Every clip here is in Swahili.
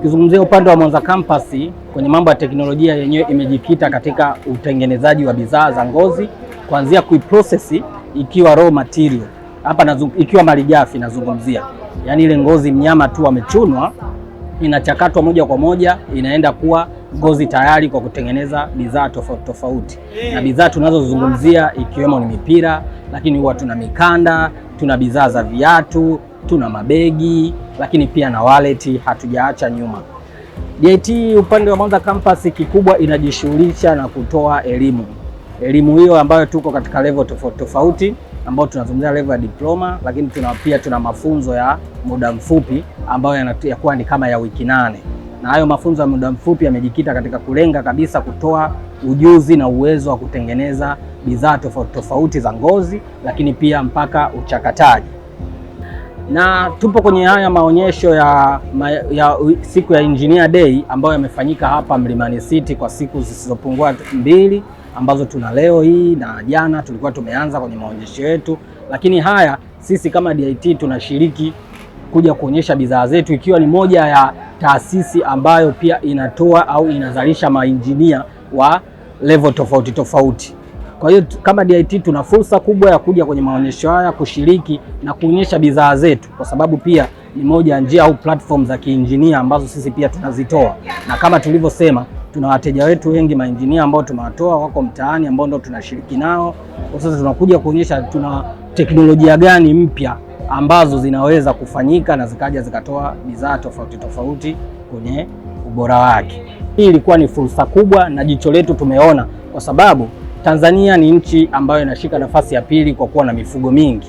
Tukizungumzia upande wa Mwanza Campus kwenye mambo ya teknolojia, yenyewe imejikita katika utengenezaji wa bidhaa za ngozi kuanzia kuiprocess ikiwa raw material hapa na ikiwa malighafi nazungumzia, yaani ile ngozi mnyama tu amechunwa inachakatwa moja kwa moja inaenda kuwa ngozi tayari kwa kutengeneza bidhaa tofauti tofauti, na bidhaa tunazozungumzia ikiwemo ni mipira, lakini huwa tuna mikanda, tuna bidhaa za viatu, tuna mabegi lakini pia na wallet hatujaacha nyuma. JT upande wa Mwanza campus kikubwa inajishughulisha na kutoa elimu, elimu hiyo ambayo tuko katika level tofauti tofauti, ambayo tunazungumzia level ya diploma, lakini tuna pia tuna mafunzo ya muda mfupi ambayo yanakuwa ni kama ya wiki nane, na hayo mafunzo ya muda mfupi yamejikita katika kulenga kabisa kutoa ujuzi na uwezo wa kutengeneza bidhaa tofauti tofauti za ngozi, lakini pia mpaka uchakataji na tupo kwenye haya maonyesho ya, ya siku ya Engineer Day ambayo yamefanyika hapa Mlimani City kwa siku zisizopungua mbili ambazo tuna leo hii na jana tulikuwa tumeanza kwenye maonyesho yetu, lakini haya sisi kama DIT tunashiriki kuja kuonyesha bidhaa zetu, ikiwa ni moja ya taasisi ambayo pia inatoa au inazalisha mainjinia wa level tofauti tofauti. Kwa hiyo kama DIT tuna fursa kubwa ya kuja kwenye maonyesho haya kushiriki na kuonyesha bidhaa zetu, kwa sababu pia ni moja ya njia au platform za kiinjinia ambazo sisi pia tunazitoa, na kama tulivyosema, tuna wateja wetu wengi mainjinia ambao tunawatoa wako mtaani, ambao ndio tunashiriki nao. Kwa sasa tunakuja kuonyesha tuna teknolojia gani mpya ambazo zinaweza kufanyika na zikaja zikatoa bidhaa tofauti tofauti kwenye ubora wake. Hii ilikuwa ni fursa kubwa, na jicho letu tumeona kwa sababu Tanzania ni nchi ambayo inashika nafasi ya pili kwa kuwa na mifugo mingi,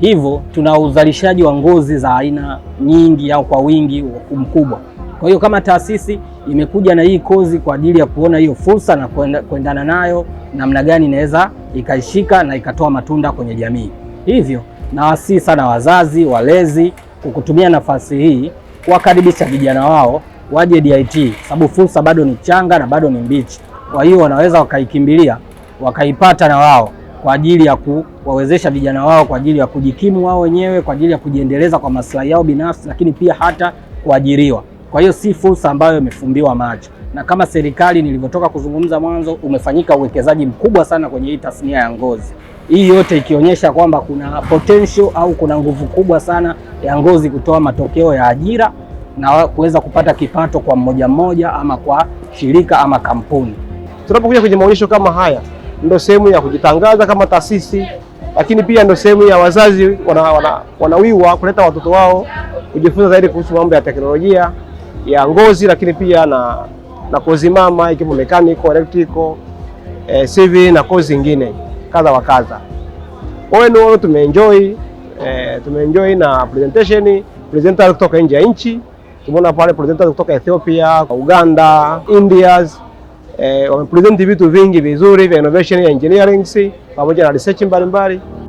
hivyo tuna uzalishaji wa ngozi za aina nyingi au kwa wingi mkubwa. Kwa hiyo kama taasisi imekuja na hii kozi kwa ajili ya kuona hiyo fursa na kuendana nayo namna gani inaweza ikaishika na ikatoa matunda kwenye jamii. Hivyo nawasihi sana wazazi, walezi kukutumia nafasi hii kuwakaribisha vijana wao waje DIT, sababu fursa bado ni changa na bado ni mbichi, kwa hiyo wanaweza wakaikimbilia wakaipata na wao kwa ajili ya kuwawezesha vijana wao kwa ajili ya kujikimu wao wenyewe, kwa ajili ya kujiendeleza kwa maslahi yao binafsi, lakini pia hata kuajiriwa. Kwa hiyo si fursa ambayo imefumbiwa macho, na kama serikali nilivyotoka kuzungumza mwanzo, umefanyika uwekezaji mkubwa sana kwenye hii tasnia ya ngozi, hii yote ikionyesha kwamba kuna potential au kuna nguvu kubwa sana ya ngozi kutoa matokeo ya ajira na kuweza kupata kipato kwa mmoja mmoja ama kwa shirika ama kampuni. Tunapokuja kwenye maonyesho kama haya ndo sehemu ya kujitangaza kama taasisi, lakini pia ndo sehemu ya wazazi wanawiwa wana, wana kuleta watoto wao kujifunza zaidi kuhusu mambo ya teknolojia ya ngozi, lakini pia na, na kozi mama ikiwemo mechanical, electrical, eh, civil na kozi zingine kadha wa kadha. Oenono tumeenjoy eh, tumeenjoy na presentation presenter kutoka nje ya nchi. Tumeona pale presenter kutoka Ethiopia, Uganda, India eh, vitu vingi vizuri vya innovation ya engineering pamoja na research mbalimbali.